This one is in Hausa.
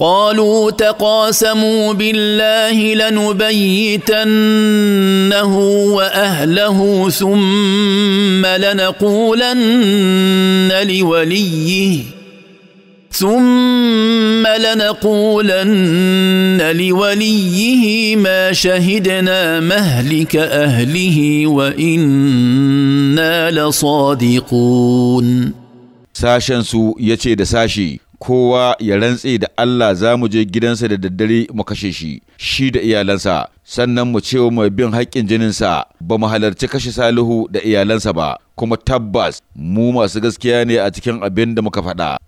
قالوا تقاسموا بالله لنبيتنه واهله ثم لنقولن لوليه ثم لنقولن لوليه ما شهدنا مهلك اهله وانا لصادقون ساشنسو يتي ساشي kowa ya rantse da Allah za mu je gidansa da daddare mu kashe shi, shi da iyalansa, sannan mu ce mai bin haƙƙin jininsa ba mu halarci kashe Salihu da iyalansa ba, kuma tabbas mu masu gaskiya ne a cikin abin da muka faɗa.